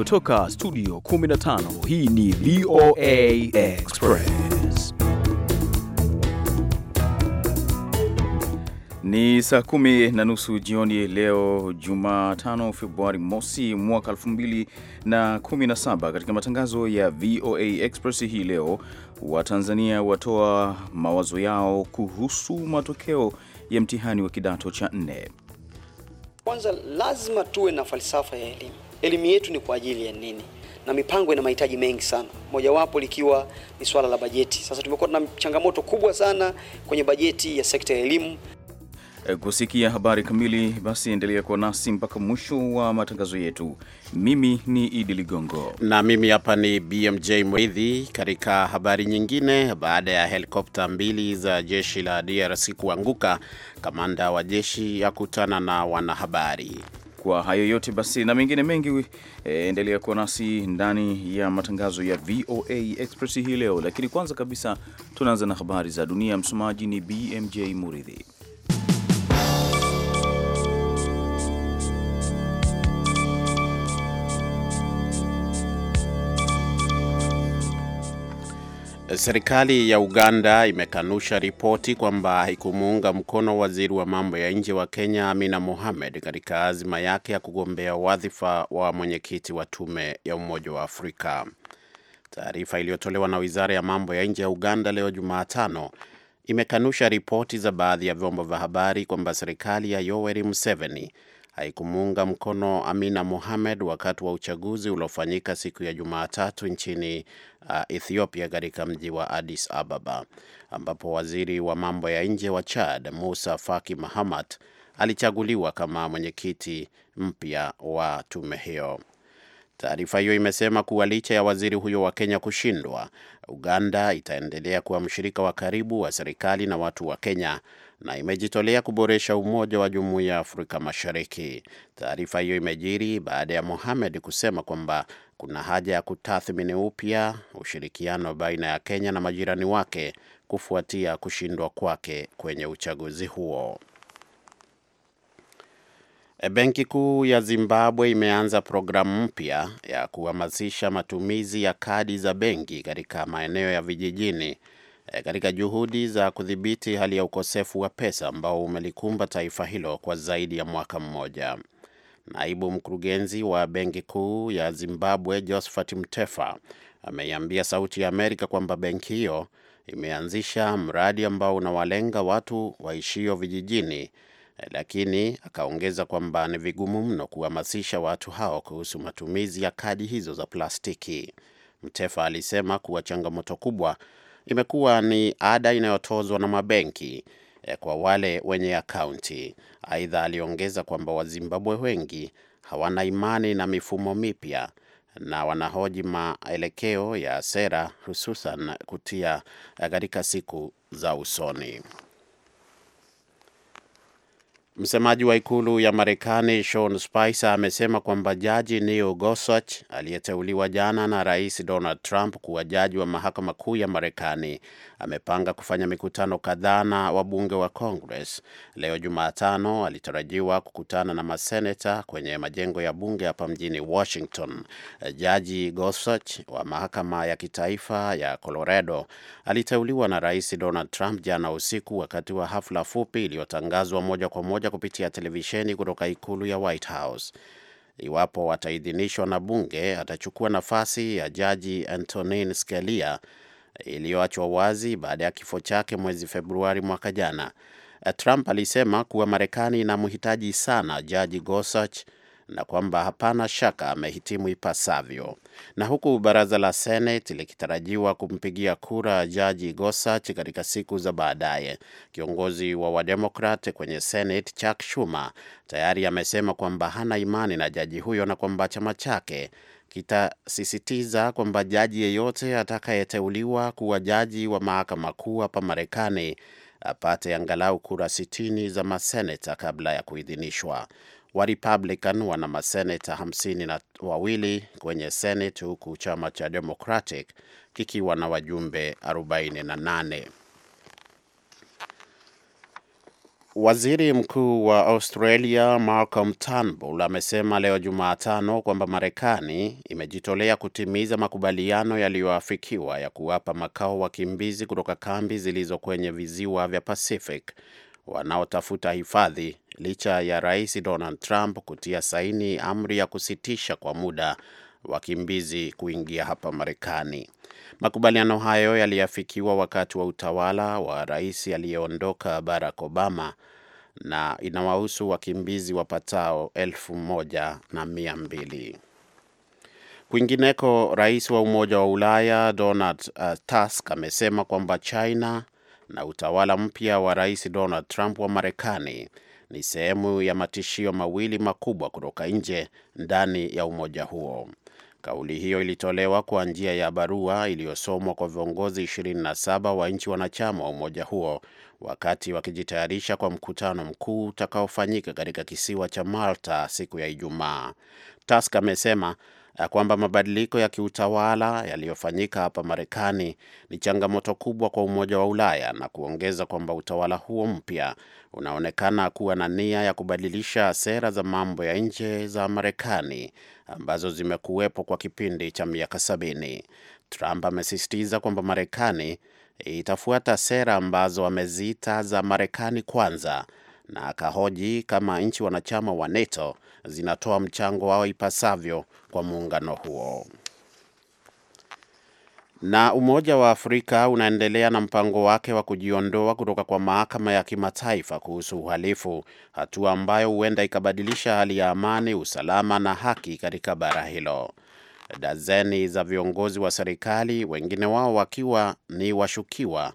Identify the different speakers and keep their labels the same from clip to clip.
Speaker 1: kutoka studio 15 hii ni VOA Express ni saa kumi na nusu jioni leo Jumatano, Februari mosi mwaka saba. Katika matangazo ya VOA Express hii leo, Watanzania watoa mawazo yao kuhusu matokeo ya mtihani wa kidato cha nne.
Speaker 2: Kwanza lazima tuwe na falsafa ya elimu elimu yetu ni kwa ajili ya nini, na mipango ina mahitaji mengi sana, mojawapo likiwa ni swala la bajeti. Sasa tumekuwa na changamoto kubwa sana kwenye bajeti ya sekta ya elimu.
Speaker 1: Eh, kusikia habari kamili, basi endelea kuwa nasi mpaka mwisho wa matangazo yetu. Mimi ni Idi Ligongo na mimi hapa ni
Speaker 3: BMJ Mridhi. Katika habari nyingine, baada ya helikopta mbili za jeshi la DRC kuanguka, kamanda wa jeshi akutana na wanahabari.
Speaker 1: Kwa hayo yote basi na mengine mengi, eh, endelea kuwa nasi ndani ya matangazo ya VOA Express hii leo, lakini kwanza kabisa tunaanza na habari za dunia. Msomaji ni BMJ Muridhi.
Speaker 3: Serikali ya Uganda imekanusha ripoti kwamba haikumuunga mkono waziri wa mambo ya nje wa Kenya Amina Mohamed katika azima yake ya kugombea wadhifa wa mwenyekiti wa tume ya Umoja wa Afrika. Taarifa iliyotolewa na Wizara ya Mambo ya Nje ya Uganda leo Jumatano imekanusha ripoti za baadhi ya vyombo vya habari kwamba serikali ya Yoweri Museveni haikumuunga mkono Amina Mohamed wakati wa uchaguzi uliofanyika siku ya Jumatatu nchini uh, Ethiopia katika mji wa Addis Ababa ambapo waziri wa mambo ya nje wa Chad Musa Faki Mahamat alichaguliwa kama mwenyekiti mpya wa tume hiyo. Taarifa hiyo imesema kuwa licha ya waziri huyo wa Kenya kushindwa, Uganda itaendelea kuwa mshirika wa karibu wa serikali na watu wa Kenya na imejitolea kuboresha umoja wa jumuiya ya Afrika Mashariki. Taarifa hiyo imejiri baada ya Mohamed kusema kwamba kuna haja ya kutathmini upya ushirikiano baina ya Kenya na majirani wake kufuatia kushindwa kwake kwenye uchaguzi huo. E, benki Kuu ya Zimbabwe imeanza programu mpya ya kuhamasisha matumizi ya kadi za benki katika maeneo ya vijijini Eh, katika juhudi za kudhibiti hali ya ukosefu wa pesa ambao umelikumba taifa hilo kwa zaidi ya mwaka mmoja. Naibu mkurugenzi wa benki kuu ya Zimbabwe Josphat Mtefa ameiambia Sauti ya Amerika kwamba benki hiyo imeanzisha mradi ambao unawalenga watu waishio vijijini, eh, lakini akaongeza kwamba ni vigumu mno kuhamasisha watu hao kuhusu matumizi ya kadi hizo za plastiki. Mtefa alisema kuwa changamoto kubwa imekuwa ni ada inayotozwa na mabenki eh, kwa wale wenye akaunti. Aidha, aliongeza kwamba Wazimbabwe wengi hawana imani na mifumo mipya na wanahoji maelekeo ya sera hususan kutia eh, katika siku za usoni. Msemaji wa ikulu ya Marekani Sean Spicer amesema kwamba jaji Neil Gorsuch aliyeteuliwa jana na rais Donald Trump kuwa jaji wa mahakama kuu ya Marekani amepanga kufanya mikutano kadhaa na wabunge wa Congress leo Jumatano. Alitarajiwa kukutana na maseneta kwenye majengo ya bunge hapa mjini Washington. Jaji Gorsuch wa mahakama ya kitaifa ya Colorado aliteuliwa na rais Donald Trump jana usiku wakati wa hafla fupi iliyotangazwa moja kwa moja kawaida kupitia televisheni kutoka ikulu ya White House. Iwapo ataidhinishwa na bunge, atachukua nafasi ya jaji Antonin Scalia iliyoachwa wazi baada ya kifo chake mwezi Februari mwaka jana. Trump alisema kuwa Marekani inamhitaji sana jaji Gorsuch na kwamba hapana shaka amehitimu ipasavyo. Na huku baraza la senet likitarajiwa kumpigia kura jaji gosach katika siku za baadaye, kiongozi wa Wademokrat kwenye senet Chuck Schumer tayari amesema kwamba hana imani na jaji huyo na kwamba chama chake kitasisitiza kwamba jaji yeyote atakayeteuliwa kuwa jaji wa mahakama kuu hapa Marekani apate angalau kura sitini za maseneta kabla ya kuidhinishwa wa Republican wana maseneta hamsini na wawili kwenye Senate huku chama cha Democratic kikiwa na wajumbe 48. Waziri Mkuu wa Australia Malcolm Turnbull amesema leo Jumatano kwamba Marekani imejitolea kutimiza makubaliano yaliyoafikiwa ya kuwapa makao wakimbizi kutoka kambi zilizo kwenye viziwa vya Pacific wanaotafuta hifadhi licha ya Rais Donald Trump kutia saini amri ya kusitisha kwa muda wakimbizi kuingia hapa Marekani. Makubaliano hayo yaliyafikiwa wakati wa utawala wa rais aliyeondoka Barack Obama na inawahusu wakimbizi wapatao elfu moja na mia mbili. Kwingineko, rais wa Umoja wa Ulaya Donald uh, Tusk amesema kwamba China na utawala mpya wa Rais Donald Trump wa Marekani ni sehemu ya matishio mawili makubwa kutoka nje ndani ya umoja huo. Kauli hiyo ilitolewa kwa njia ya barua iliyosomwa kwa viongozi 27 wa nchi wanachama wa umoja huo wakati wakijitayarisha kwa mkutano mkuu utakaofanyika katika kisiwa cha Malta siku ya Ijumaa. Tusk amesema kwamba mabadiliko ya kiutawala yaliyofanyika hapa Marekani ni changamoto kubwa kwa Umoja wa Ulaya na kuongeza kwamba utawala huo mpya unaonekana kuwa na nia ya kubadilisha sera za mambo ya nje za Marekani ambazo zimekuwepo kwa kipindi cha miaka sabini. Trump amesisitiza kwamba Marekani itafuata sera ambazo ameziita za Marekani kwanza na akahoji kama nchi wanachama wa NATO zinatoa mchango wao ipasavyo kwa muungano huo. Na Umoja wa Afrika unaendelea na mpango wake wa kujiondoa kutoka kwa mahakama ya kimataifa kuhusu uhalifu, hatua ambayo huenda ikabadilisha hali ya amani, usalama na haki katika bara hilo. Dazeni za viongozi wa serikali, wengine wao wakiwa ni washukiwa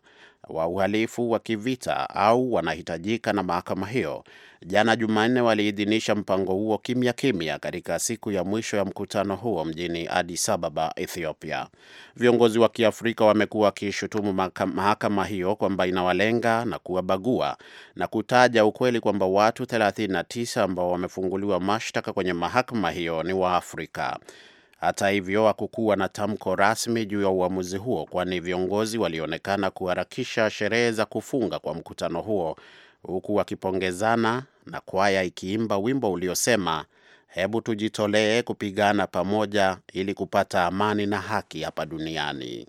Speaker 3: wa uhalifu wa kivita au wanahitajika na mahakama hiyo, Jana Jumanne waliidhinisha mpango huo kimya kimya katika siku ya mwisho ya mkutano huo mjini Addis Ababa, Ethiopia. Viongozi wa Kiafrika wamekuwa wakiishutumu mahakama hiyo kwamba inawalenga na kuwabagua na kutaja ukweli kwamba watu 39 ambao wamefunguliwa mashtaka kwenye mahakama hiyo ni Waafrika. Hata hivyo hakukuwa na tamko rasmi juu ya uamuzi huo, kwani viongozi walionekana kuharakisha sherehe za kufunga kwa mkutano huo huku wakipongezana na kwaya ikiimba wimbo uliosema hebu tujitolee kupigana pamoja ili kupata amani na haki hapa duniani.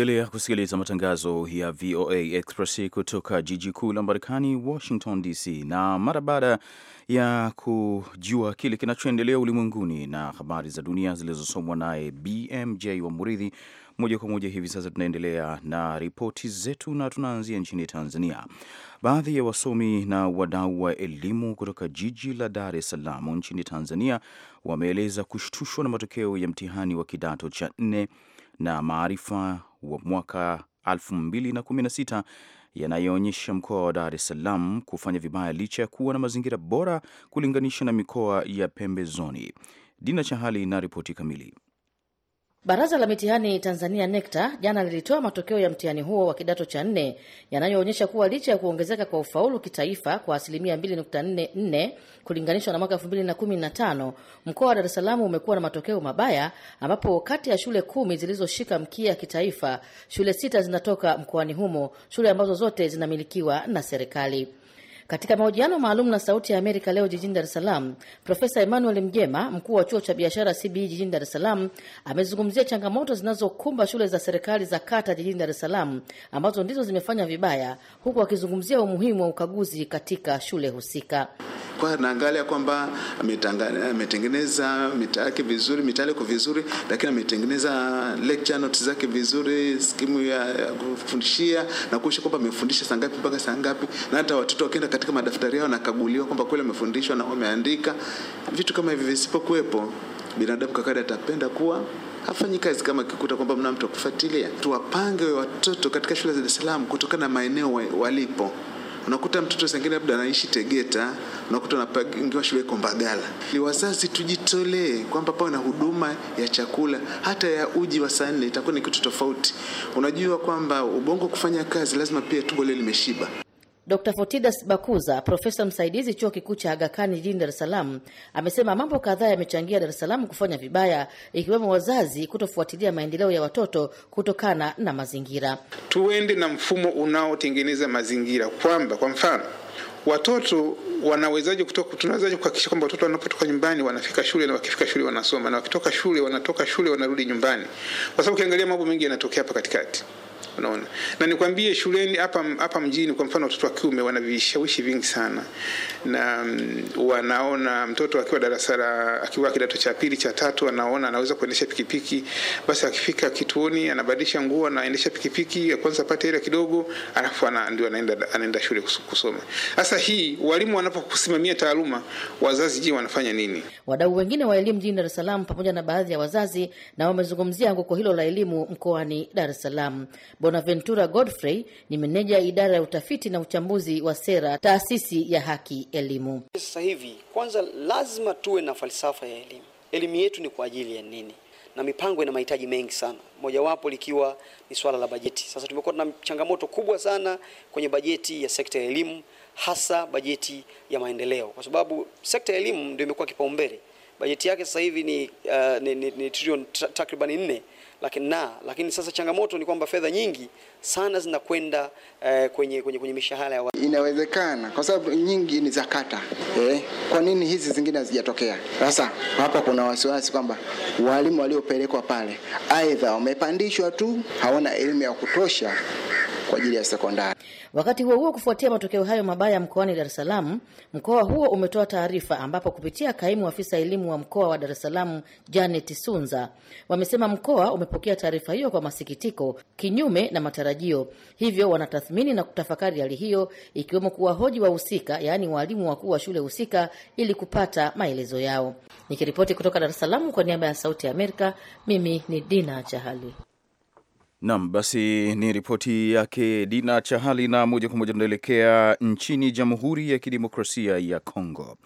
Speaker 1: Unaendelea kusikiliza matangazo ya VOA Express kutoka jiji kuu la Marekani, Washington DC. Na mara baada ya kujua kile kinachoendelea ulimwenguni na habari za dunia zilizosomwa naye BMJ wa Muridhi, moja kwa moja hivi sasa tunaendelea na ripoti zetu, na tunaanzia nchini Tanzania. Baadhi ya wasomi na wadau wa elimu kutoka jiji la Dar es Salaam nchini Tanzania wameeleza kushtushwa na matokeo ya mtihani wa kidato cha nne na maarifa wa mwaka 2016 yanayoonyesha mkoa wa Dar es Salaam kufanya vibaya licha ya kuwa na mazingira bora kulinganisha na mikoa ya pembezoni. Dina Chahali na ripoti kamili.
Speaker 4: Baraza la mitihani Tanzania NECTA jana lilitoa matokeo ya mtihani huo wa kidato cha nne yanayoonyesha kuwa licha ya kuongezeka kwa ufaulu kitaifa kwa asilimia 2.44 kulinganishwa na mwaka 2015, mkoa wa Dar es Salaam umekuwa na matokeo mabaya, ambapo kati ya shule kumi zilizoshika mkia kitaifa, shule sita zinatoka mkoani humo, shule ambazo zote zinamilikiwa na serikali. Katika mahojiano maalum na Sauti ya Amerika leo jijini Dar es Salaam, Profesa Emmanuel Mjema, mkuu wa chuo cha biashara CBE jijini Dar es Salaam, amezungumzia changamoto zinazokumba shule za serikali za kata jijini Dar es Salaam ambazo ndizo zimefanya vibaya, huku akizungumzia umuhimu wa ukaguzi katika shule husika.
Speaker 3: Kwa naangalia kwamba ametengeneza mita yake vizuri, mita vizuri, lakini ametengeneza lecture notes zake vizuri, skimu ya kufundishia na kuisha kwamba amefundisha sangapi mpaka sangapi, na hata watoto wakienda katika madaftari yao nakaguliwa kwamba kweli wamefundishwa na wameandika. Vitu kama hivi visipokuwepo, binadamu kwa kawaida atapenda kuwa hafanyi kazi kama akikuta kwamba mna mtu akufuatilia. Tuwapange watoto katika shule za Dar kutokana na maeneo walipo unakuta mtoto sengine labda anaishi Tegeta, unakuta unapangiwa shule iko Mbagala. Ni wazazi tujitolee kwamba pawe na huduma ya chakula, hata ya uji wa saa nne itakuwa ni kitu tofauti. Unajua kwamba ubongo kufanya kazi lazima pia tumbo lile limeshiba.
Speaker 4: Dr. Fortidas Bakuza, profesa msaidizi chuo kikuu cha Aga Khan jijini Dar es Salaam, amesema mambo kadhaa yamechangia Dar es Salaam kufanya vibaya, ikiwemo wazazi kutofuatilia maendeleo ya watoto kutokana na mazingira.
Speaker 3: Tuende na mfumo unaotengeneza mazingira kwamba, kwa mfano, watoto wanawezaje kutoka, tunawezaje kuhakikisha kwamba watoto wanapotoka nyumbani wanafika shule na wakifika shule wanasoma na wakitoka shule wanatoka shule wanarudi nyumbani, kwa sababu ukiangalia mambo mengi yanatokea hapa katikati unaona. Na nikwambie shuleni hapa hapa mjini, kwa mfano, watoto wa kiume wana vishawishi vingi sana, na um, wanaona mtoto akiwa darasa la akiwa kidato cha pili cha tatu, anaona anaweza kuendesha pikipiki, basi akifika kituoni anabadilisha nguo, anaendesha pikipiki ya kwanza apate hela kidogo, alafu ana, ndio anaenda anaenda shule kusoma. Sasa hii walimu wanapokusimamia taaluma, wazazi je, wanafanya nini?
Speaker 4: Wadau wengine wa elimu jijini Dar es Salaam pamoja na baadhi ya wazazi na wamezungumzia anguko hilo la elimu mkoani Dar es Salaam. Bonaventura Godfrey ni meneja ya idara ya utafiti na uchambuzi wa sera, taasisi ya Haki Elimu.
Speaker 2: Sasa hivi kwanza lazima tuwe na falsafa ya elimu. Elimu yetu ni kwa ajili ya nini? na mipango ina mahitaji mengi sana, mojawapo likiwa ni swala la bajeti. Sasa tumekuwa na changamoto kubwa sana kwenye bajeti ya sekta ya elimu, hasa bajeti ya maendeleo, kwa sababu sekta ya elimu ndio imekuwa kipaumbele. Bajeti yake sasa hivi ni, uh, ni, ni, ni trilioni takriban nne lakini na lakini sasa changamoto ni kwamba fedha nyingi sana zinakwenda eh, kwenye, kwenye, kwenye mishahara ya watu.
Speaker 5: Inawezekana kwa sababu nyingi ni za kata eh, kwa nini hizi zingine hazijatokea? Sasa hapa kuna wasiwasi kwamba walimu waliopelekwa pale aidha wamepandishwa tu, hawana elimu ya kutosha kwa ajili ya sekondari.
Speaker 4: Wakati huo huo, kufuatia matokeo hayo mabaya mkoani Dar es Salaam, mkoa huo umetoa taarifa ambapo kupitia kaimu afisa elimu wa mkoa wa Dar es Salaam Janet Sunza wamesema mkoa umepokea taarifa hiyo kwa masikitiko, kinyume na matarajio, hivyo wanatathmini na kutafakari hali hiyo, ikiwemo kuwahoji wahusika, yaani waalimu wakuu wa shule husika ili kupata maelezo yao. Nikiripoti kutoka Dar es Salaam kwa niaba ya Sauti ya Amerika, mimi ni Dina Chahali.
Speaker 1: Nam, basi ni ripoti yake Dina Chahali, na moja kwa moja tunaelekea nchini Jamhuri ya Kidemokrasia ya Kongo.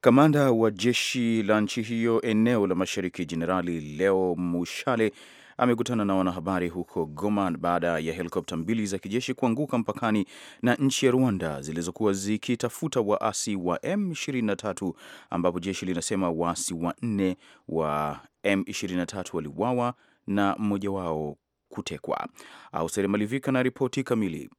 Speaker 1: Kamanda wa jeshi la nchi hiyo eneo la mashariki, Jenerali Leo Mushale amekutana na wanahabari huko Goma baada ya helikopta mbili za kijeshi kuanguka mpakani na nchi ya Rwanda zilizokuwa zikitafuta waasi wa M23, ambapo jeshi linasema waasi wanne wa M23 waliuawa na mmoja wao kutekwa. Auseri Malivika na ripoti kamili.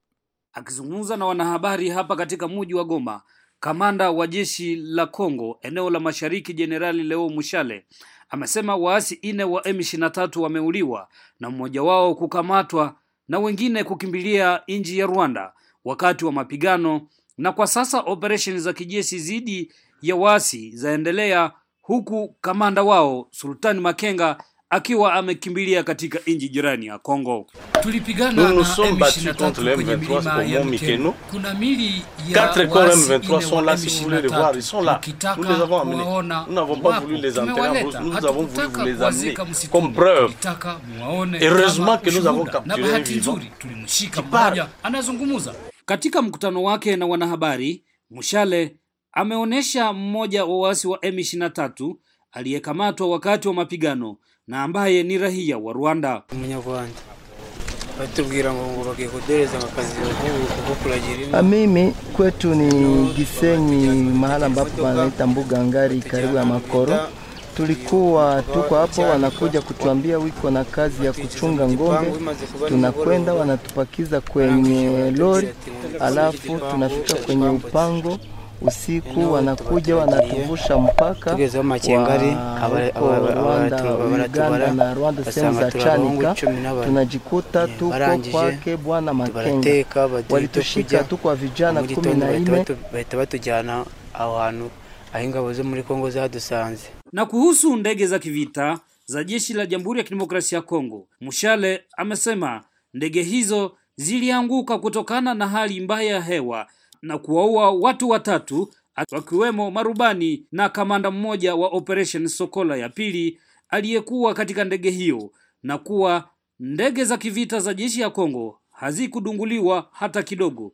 Speaker 2: Akizungumza na wanahabari hapa katika mji wa Goma, kamanda wa jeshi la Kongo eneo la mashariki Jenerali Leo Mushale amesema waasi ine wa M23 wameuliwa na mmoja wao kukamatwa na wengine kukimbilia nchi ya Rwanda wakati wa mapigano, na kwa sasa operesheni za kijeshi dhidi ya waasi zaendelea, huku kamanda wao Sultani Makenga akiwa amekimbilia katika nchi jirani ya Kongo. Tulipigana na M23 kwenye milima ya Mikeno. Kuna mili ya M23 Tulimshika mmoja anazungumza. Katika mkutano wake na wanahabari, Mushale ameonyesha mmoja wa waasi wa M23 aliyekamatwa wakati wa mapigano na ambaye ni rahia wa Rwanda. Umunyarwanda batubwira ngo ngo bagiye kudereza makazi kuko ah, Mimi
Speaker 5: kwetu ni Gisenyi, mahala ambapo wanaita mbuga ngari karibu ya Makoro tulikuwa tuko hapo, wanakuja kutuambia wiko na kazi ya kuchunga ng'ombe. Tunakwenda, wanatupakiza kwenye lori, alafu tunafika kwenye upango usiku wanakuja wanatuvusha mpaka Uganda na Rwanda, sehemu za Chanika. Tunajikuta eh, tuko kwake Bwana Makenga, walitushika tukwa vijana kumi na ine
Speaker 2: bahita batujyana aho hantu aho ingabo zo muri Kongo zadusanze. Na kuhusu ndege za kivita za jeshi la Jamhuri ya Kidemokrasia ya Kongo, Mushale amesema ndege hizo zilianguka kutokana na hali mbaya ya hewa na kuwaua watu watatu wakiwemo marubani na kamanda mmoja wa Operation Sokola ya pili aliyekuwa katika ndege hiyo, na kuwa ndege za kivita za jeshi ya Kongo hazikudunguliwa hata kidogo,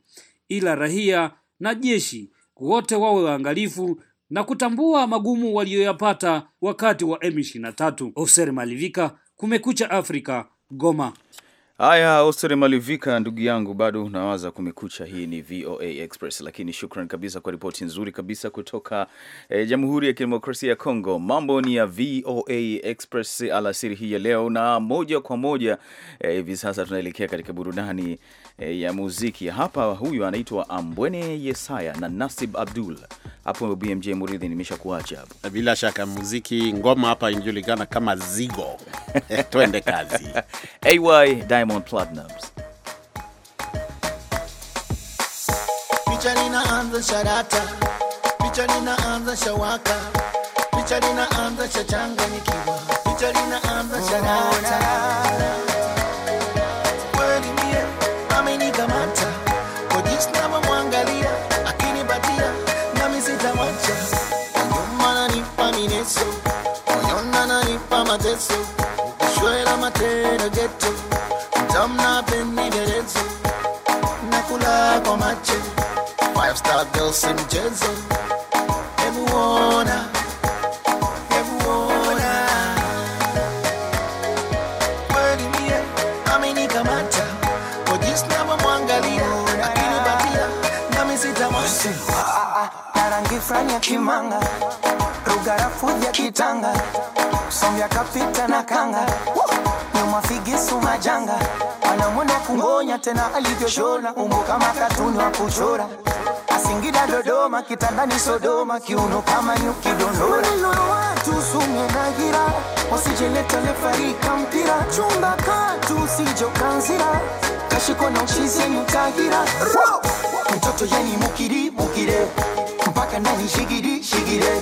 Speaker 2: ila rahia na jeshi wote wawe waangalifu na kutambua magumu waliyoyapata wakati wa M23. Oser Malivika, Kumekucha Afrika, Goma.
Speaker 1: Haya, Ostere Malivika, ndugu yangu, bado unawaza kumekucha. Hii ni VOA Express, lakini shukran kabisa kwa ripoti nzuri kabisa kutoka eh, Jamhuri ya Kidemokrasia ya Kongo. Mambo ni ya VOA Express alasiri hii ya leo, na moja kwa moja eh, hivi eh, sasa tunaelekea katika burudani eh, ya muziki. Hapa huyu anaitwa Ambwene Yesaya na Nasib Abdul hapo BMJ Muridhi, nimeshakuacha hapo. Bila shaka
Speaker 3: muziki ngoma hapa inajulikana kama zigo. Twende kazi. AY
Speaker 1: Diamond Platnumz.
Speaker 5: Picha linaanza sharata, picha linaanza shawaka, picha linaanza shachanganyikiwa, picha linaanza sharata Oh, mazeso ukishwela matera geto tamna penigerezo nakula kwa mache five star mchezo hebu ona hebu ona rangi fulani ya kimanga Barafu vya kitanga sombya kapita na kanga nyuma majanga anamwona kungonya tena alivyoshona umbo kama katuni wa kuchora Singida, Dodoma, kitandani Sodoma, kiuno kama nyuki dondora. mpira chumba katu sijokanzira kashiko mtoto yani mukiri mukire mpaka ndani shigiri shigire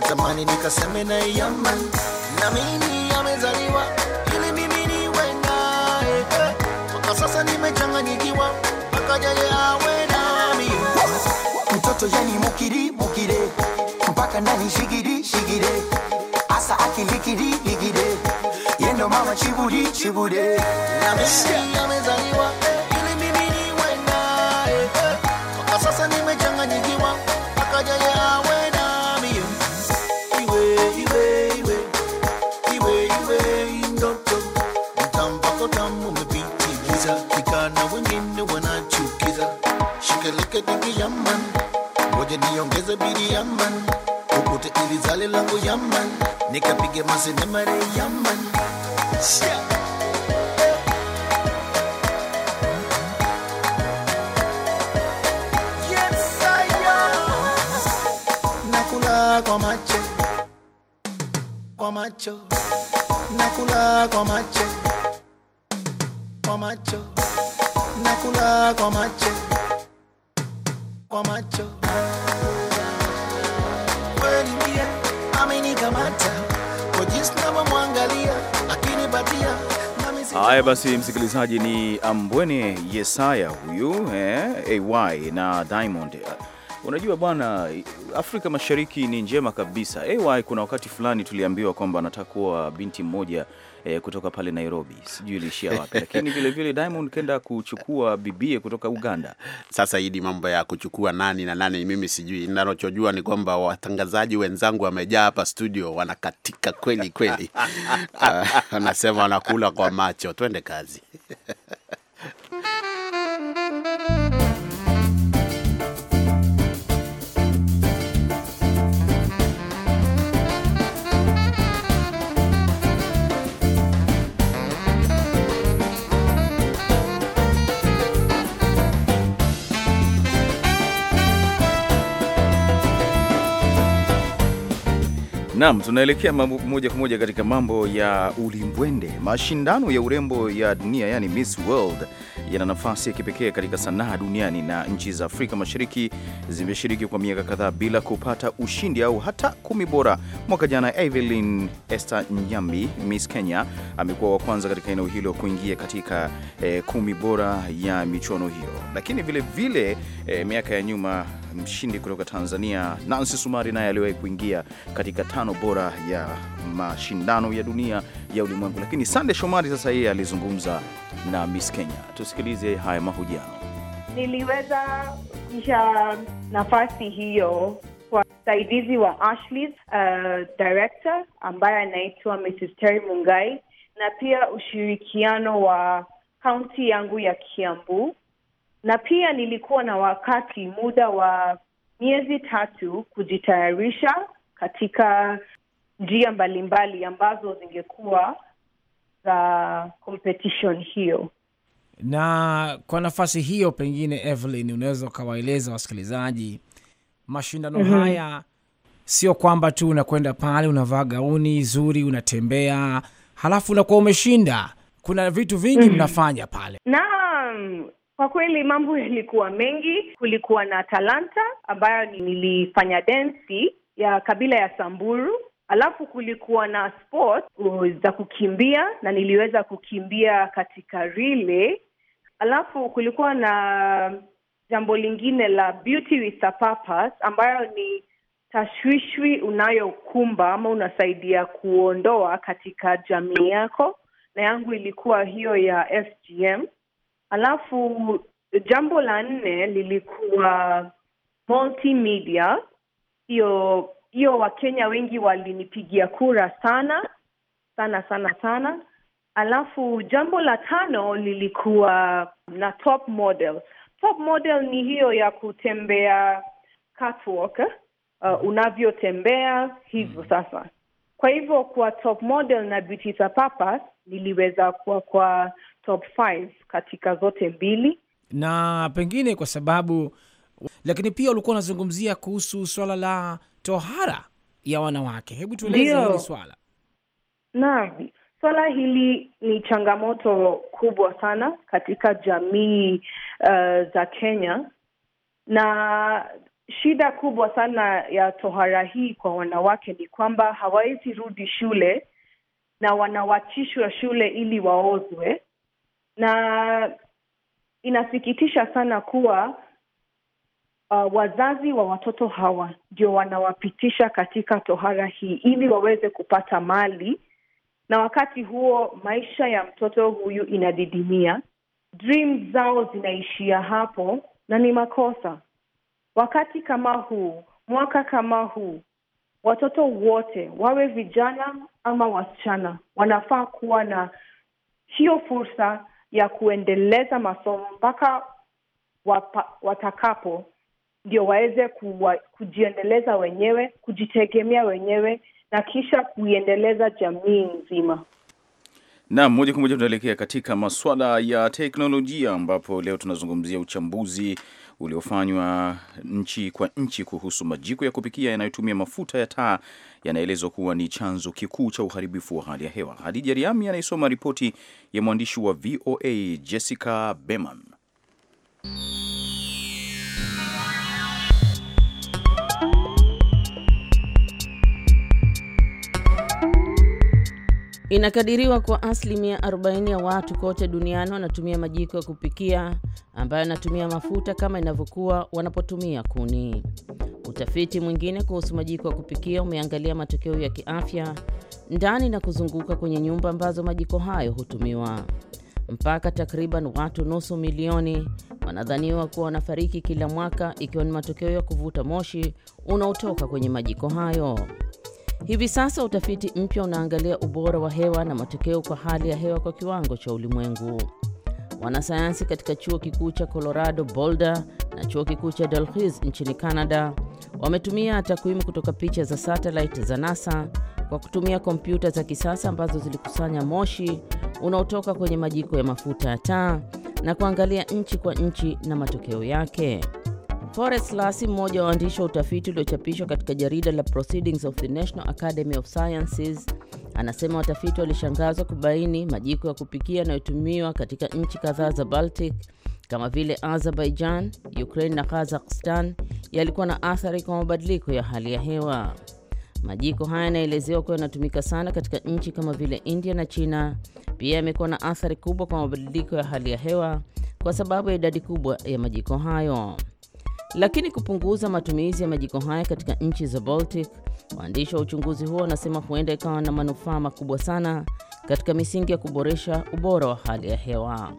Speaker 5: natamani nikaseme na yama na mimi amezaliwa ili mimi niwe naye toka sasa nimechanganyikiwa paka jaje awe nami mtoto yani mukiri mukire mpaka nani shigiri shigire asa akilikiri ligire yendo mama chiburi chibure na mimi amezaliwa eh, nipeleke dini Yaman, ngoje niongeze bidi Yaman, ukute ili zale langu Yaman, nikapige masinemare re Yaman yeah. kwa macho kwa macho nakula kwa macho kwa macho nakula kwa macho kwa macho niambie, amenikamata kwa jinsi navyomwangalia batia
Speaker 1: Haya basi, msikilizaji, ni Ambwene Yesaya huyu eh, AY na Diamond. Unajua bwana, Afrika Mashariki ni njema kabisa. AY kuna wakati fulani tuliambiwa kwamba anataka kuwa binti mmoja eh, kutoka pale Nairobi, sijui ilishia wapi, lakini vilevile Diamond kenda kuchukua bibie kutoka Uganda. Sasa hidi mambo ya
Speaker 3: kuchukua nani na nani, mimi sijui. Ninachojua ni kwamba watangazaji wenzangu wamejaa hapa studio, wanakatika kweli kweli, ah, wanasema wanakula kwa macho. Twende kazi.
Speaker 1: Naam, tunaelekea moja kwa moja katika mambo ya ulimbwende. Mashindano ya urembo ya dunia, yani Miss World yana nafasi ya kipekee katika sanaa duniani na nchi za Afrika Mashariki zimeshiriki kwa miaka kadhaa bila kupata ushindi au hata kumi bora. Mwaka jana Evelyn Esther Nyambi, Miss Kenya, amekuwa wa kwanza katika eneo hilo kuingia katika eh, kumi bora ya michuano hiyo, lakini vilevile eh, miaka ya nyuma mshindi kutoka Tanzania Nancy Sumari naye aliwahi kuingia katika tano bora ya mashindano ya dunia ya ulimwengu. Lakini Sande Shomari sasa yeye alizungumza na Miss Kenya, tusikie tusikilize haya mahojiano.
Speaker 6: Niliweza kisha nafasi hiyo kwa msaidizi wa Ashley, uh, director ambaye anaitwa Mrs. Terry Mungai na pia ushirikiano wa kaunti yangu ya Kiambu, na pia nilikuwa na wakati muda wa miezi tatu kujitayarisha katika njia mbalimbali ambazo zingekuwa za competition hiyo.
Speaker 1: Na kwa nafasi hiyo, pengine Evelyn, unaweza ukawaeleza wasikilizaji mashindano mm -hmm. haya sio kwamba tu unakwenda pale unavaa gauni zuri unatembea halafu unakuwa umeshinda. Kuna vitu vingi mm
Speaker 6: -hmm. mnafanya pale. Naam, kwa kweli mambo yalikuwa mengi. Kulikuwa na talanta ambayo nilifanya densi ya kabila ya Samburu, alafu kulikuwa na sport uh, za kukimbia na niliweza kukimbia katika rile Alafu kulikuwa na jambo lingine la beauty with a purpose, ambayo ni tashwishwi unayokumba ama unasaidia kuondoa katika jamii yako, na yangu ilikuwa hiyo ya FGM. Alafu jambo la nne lilikuwa multimedia. Hiyo hiyo Wakenya wengi walinipigia kura sana sana sana sana, Alafu jambo la tano lilikuwa na top model. Top model ni hiyo ya kutembea catwalk, eh? uh, unavyotembea hivyo mm-hmm. sasa. Kwa hivyo kwa top model na beauty papa niliweza kuwa kwa top 5 katika zote mbili,
Speaker 1: na pengine kwa sababu lakini pia ulikuwa unazungumzia kuhusu swala la tohara ya wanawake. Hebu tueleze hili swala.
Speaker 6: Naam, Swala hili ni changamoto kubwa sana katika jamii uh, za Kenya, na shida kubwa sana ya tohara hii kwa wanawake ni kwamba hawawezi rudi shule na wanawachishwa shule ili waozwe, na inasikitisha sana kuwa uh, wazazi wa watoto hawa ndio wanawapitisha katika tohara hii ili waweze kupata mali na wakati huo maisha ya mtoto huyu inadidimia, dream zao zinaishia hapo, na ni makosa. Wakati kama huu, mwaka kama huu, watoto wote wawe vijana ama wasichana, wanafaa kuwa na hiyo fursa ya kuendeleza masomo mpaka watakapo, ndio waweze kujiendeleza wenyewe, kujitegemea wenyewe na kisha kuiendeleza jamii nzima.
Speaker 1: Naam, moja kwa moja tunaelekea katika masuala ya teknolojia ambapo leo tunazungumzia uchambuzi uliofanywa nchi kwa nchi kuhusu majiko ya kupikia yanayotumia mafuta ya taa yanaelezwa kuwa ni chanzo kikuu cha uharibifu wa hali ya hewa. Hadija Riami anaisoma ripoti ya mwandishi wa VOA Jessica Berman.
Speaker 7: Inakadiriwa kwa asilimia 40 ya watu kote duniani wanatumia majiko ya kupikia ambayo yanatumia mafuta kama inavyokuwa wanapotumia kuni. Utafiti mwingine kuhusu majiko ya kupikia umeangalia matokeo ya kiafya ndani na kuzunguka kwenye nyumba ambazo majiko hayo hutumiwa. Mpaka takriban watu nusu milioni wanadhaniwa kuwa wanafariki kila mwaka ikiwa ni matokeo ya kuvuta moshi unaotoka kwenye majiko hayo. Hivi sasa utafiti mpya unaangalia ubora wa hewa na matokeo kwa hali ya hewa kwa kiwango cha ulimwengu. Wanasayansi katika chuo kikuu cha Colorado Boulder na chuo kikuu cha Dalhousie nchini Canada wametumia takwimu kutoka picha za satellite za NASA kwa kutumia kompyuta za kisasa ambazo zilikusanya moshi unaotoka kwenye majiko ya mafuta ya taa na kuangalia nchi kwa nchi na matokeo yake. Forest lasi mmoja wa waandishi wa utafiti uliochapishwa katika jarida la Proceedings of the National Academy of Sciences, anasema watafiti walishangazwa kubaini majiko ya kupikia yanayotumiwa katika nchi kadhaa za Baltic kama vile Azerbaijan, Ukraine na Kazakhstan yalikuwa na athari kwa mabadiliko ya hali ya hewa. Majiko haya yanaelezewa kuwa yanatumika sana katika nchi kama vile India na China. Pia yamekuwa na athari kubwa kwa mabadiliko ya hali ya hewa kwa sababu ya idadi kubwa ya majiko hayo lakini kupunguza matumizi ya majiko haya katika nchi za Baltic. Waandishi wa uchunguzi huo wanasema huenda ikawa na manufaa makubwa sana katika misingi ya kuboresha ubora wa hali ya hewa.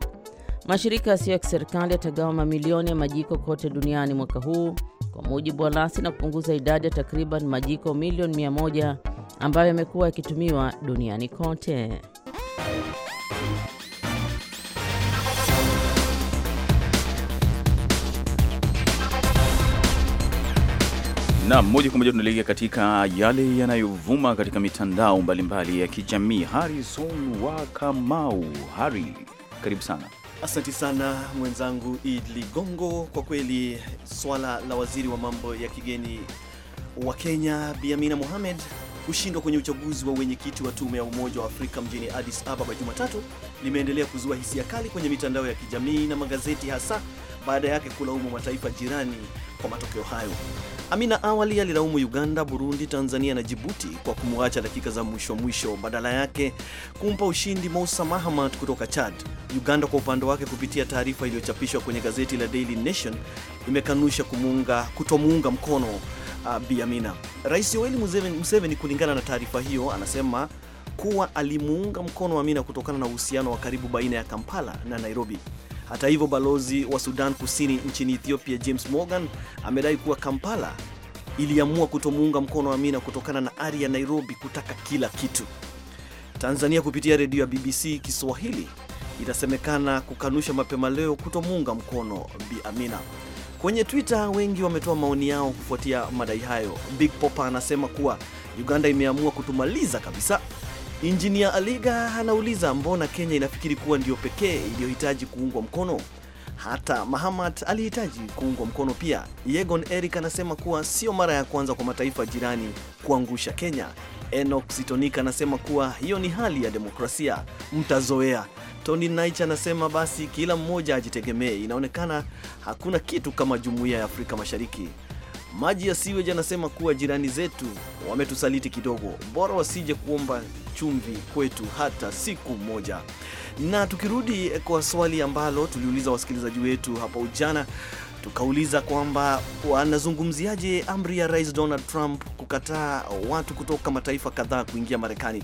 Speaker 7: Mashirika yasiyo ya kiserikali yatagawa mamilioni ya majiko kote duniani mwaka huu kwa mujibu wa lasi na kupunguza idadi ya takriban majiko milioni 100 ambayo yamekuwa yakitumiwa duniani kote.
Speaker 1: Na moja kwa moja tunaelekea katika yale yanayovuma katika mitandao mbalimbali mbali ya kijamii. Harrison wa Kamau, Hari, karibu sana.
Speaker 8: Asante sana mwenzangu Id Ligongo. Kwa kweli swala la waziri wa mambo ya kigeni wa Kenya Bi Amina Mohamed kushindwa kwenye uchaguzi wa wenyekiti wa tume ya Umoja wa Afrika mjini Addis Ababa Jumatatu limeendelea kuzua hisia kali kwenye mitandao ya kijamii na magazeti, hasa baada yake kulaumu mataifa jirani kwa matokeo hayo. Amina awali alilaumu Uganda, Burundi, Tanzania na Jibuti kwa kumwacha dakika za mwisho mwisho, badala yake kumpa ushindi Moussa Mahamat kutoka Chad. Uganda kwa upande wake, kupitia taarifa iliyochapishwa kwenye gazeti la Daily Nation, imekanusha kumuunga kutomuunga mkono uh, Bi Amina. Rais Yoweri Museveni, Museveni kulingana na taarifa hiyo anasema kuwa alimuunga mkono Amina kutokana na uhusiano wa karibu baina ya Kampala na Nairobi. Hata hivyo, balozi wa Sudan Kusini nchini Ethiopia James Morgan amedai kuwa Kampala iliamua kutomuunga mkono Amina kutokana na ari ya Nairobi kutaka kila kitu. Tanzania kupitia redio ya BBC Kiswahili inasemekana kukanusha mapema leo kutomuunga mkono Bi Amina. Kwenye Twitter wengi wametoa maoni yao kufuatia madai hayo. Big Popa anasema kuwa Uganda imeamua kutumaliza kabisa Injinia Aliga anauliza mbona Kenya inafikiri kuwa ndio pekee iliyohitaji kuungwa mkono? Hata Mahamat alihitaji kuungwa mkono pia. Yegon Eric anasema kuwa sio mara ya kwanza kwa mataifa jirani kuangusha Kenya. Enok Sitonik anasema kuwa hiyo ni hali ya demokrasia, mtazoea. Tony Naich anasema basi kila mmoja ajitegemee. Inaonekana hakuna kitu kama jumuiya ya Afrika Mashariki. Maji ya siweji anasema kuwa jirani zetu wametusaliti kidogo, bora wasije kuomba chumvi kwetu hata siku moja. Na tukirudi eh, kwa swali ambalo tuliuliza wasikilizaji wetu hapo jana, tukauliza kwamba wanazungumziaje amri ya Rais Donald Trump kukataa watu kutoka mataifa kadhaa kuingia Marekani.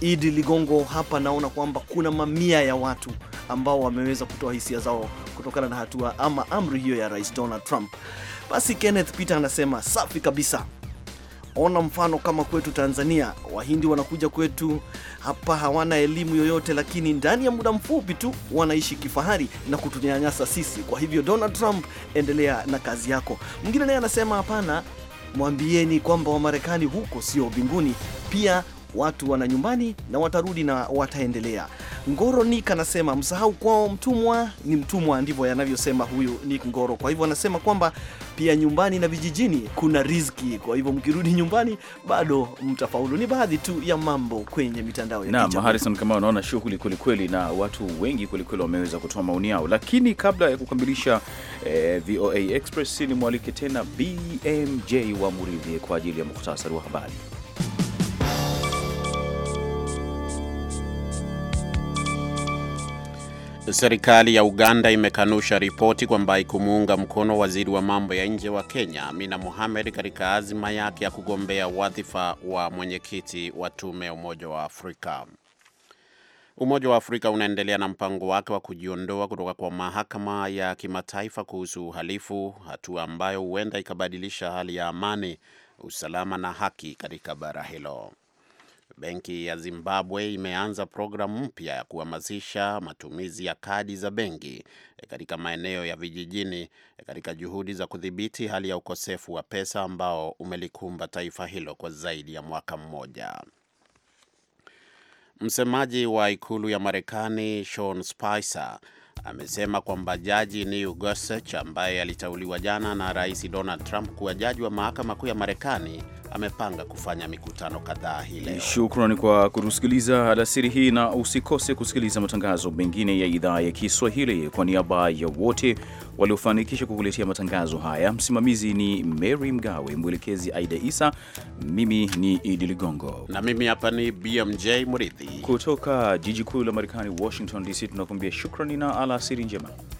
Speaker 8: Idi Ligongo, hapa naona kwamba kuna mamia ya watu ambao wameweza kutoa hisia zao kutokana na hatua ama amri hiyo ya Rais Donald Trump. Basi Kenneth Peter anasema safi kabisa. Ona mfano kama kwetu Tanzania, Wahindi wanakuja kwetu hapa, hawana elimu yoyote, lakini ndani ya muda mfupi tu wanaishi kifahari na kutunyanyasa sisi. Kwa hivyo, Donald Trump, endelea na kazi yako. Mwingine naye anasema hapana, mwambieni kwamba Wamarekani huko sio mbinguni, pia watu wana nyumbani na watarudi na wataendelea. Ngoro Nick anasema msahau kwao, mtumwa ni mtumwa, ndivyo yanavyosema huyu Nick Ngoro. Kwa hivyo anasema kwamba pia nyumbani na vijijini kuna riziki. Kwa hivyo mkirudi nyumbani bado mtafaulu. Ni baadhi tu ya mambo kwenye mitandao ya kijamii.
Speaker 1: Harrison, kama unaona shughuli kwelikweli, na watu wengi kwelikweli wameweza kutoa maoni yao, lakini kabla ya kukamilisha eh, VOA Express, mwalike tena BMJ wa Muridhi kwa ajili ya muhtasari wa habari.
Speaker 3: Serikali ya Uganda imekanusha ripoti kwamba haikumuunga mkono waziri wa mambo ya nje wa Kenya Amina Mohamed katika azima yake ya kugombea wadhifa wa mwenyekiti wa tume ya Umoja wa Afrika. Umoja wa Afrika unaendelea na mpango wake wa kujiondoa kutoka kwa mahakama ya kimataifa kuhusu uhalifu, hatua ambayo huenda ikabadilisha hali ya amani, usalama na haki katika bara hilo benki ya Zimbabwe imeanza programu mpya ya kuhamasisha matumizi ya kadi za benki eh, katika maeneo ya vijijini eh, katika juhudi za kudhibiti hali ya ukosefu wa pesa ambao umelikumba taifa hilo kwa zaidi ya mwaka mmoja. Msemaji wa ikulu ya Marekani Sean Spicer amesema kwamba jaji Neil Gorsuch ambaye aliteuliwa jana na Rais Donald Trump kuwa jaji wa mahakama kuu ya Marekani amepanga kufanya mikutano kadhaa hii leo.
Speaker 1: Shukrani kwa kutusikiliza alasiri hii, na usikose kusikiliza matangazo mengine ya idhaa ya Kiswahili. Kwa niaba ya wote waliofanikisha kukuletea matangazo haya, msimamizi ni Mary Mgawe, mwelekezi Aida Isa, mimi ni Idi Ligongo na mimi hapa ni BMJ Murithi kutoka jiji kuu la Marekani, Washington DC. Tunakuambia shukrani na alasiri njema.